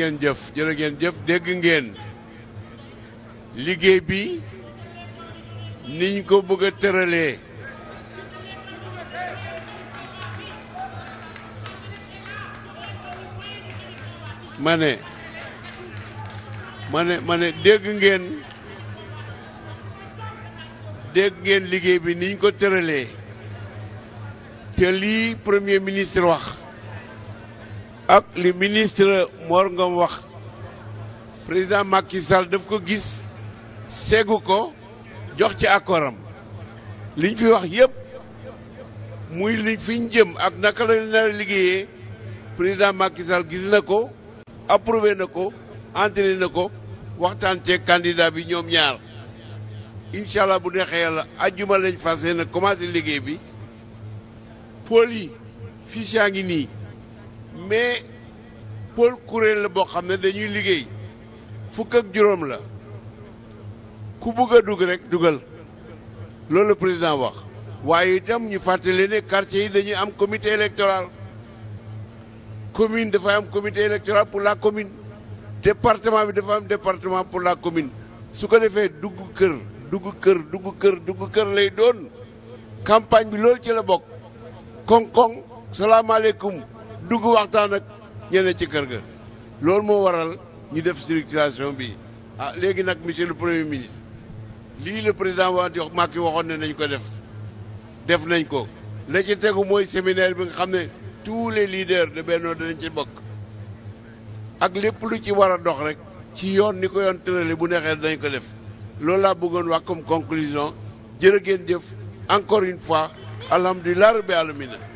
ngeen jëf jërë jëf dégg ngeen liggéey bi niñ ko bëgg a tëralee mane mane ma ne ma ne dégg ngeen dégg ngeen liggéey bi niñ ko tëralee te premier ministre wax ak li ministre Mor Ngom wax président Macky Sall daf ko gis seegu ko jox ci accord am liñ fi wax yëpp muy li fiñ jëm ak naka la nar a liggéeyee président makisal gis na ko approuvé na ko entraîné na ko waxtaan ceeg candidat bi ñoom ñaar incha bu neexee yàlla ajjuma lañ fas yéene commencé liggéey bi pôle yi fiche yaa ngi nii mais pôle kuréel la boo xam ne dañuy liggéey fukk ak juróom la ku bugg a dugg rek dugal loolu la président wax waaye itam ñu fàttali ne quartier yi dañuy am comité électoral commune dafay am comité électoral pour la commune département bi dafa am département pour la commune su ko defee dugg kër dugg kër dugg kër dugg kër lay doon campagne bi loolu ci la bokk koŋ-koŋ dugg waxtaan ak ñeneen ci kër ga loolu moo waral ñu def structuration bi ah léegi nag monsieur le premier ministre lii le président wa di Macky waxoon ne nañu ko def def nañ ko la ci tegu mooy séminaire bi nga xam ne tous les leaders de Benno danañ ci bokk ak lépp lu ci war a dox rek ci yoon ni ko yoon tërale bu neexee danañ ko def loolu laa bëggoon wax comme conclusion jërë ngeen jëf encore une fois alhamdulilah rabbi alamina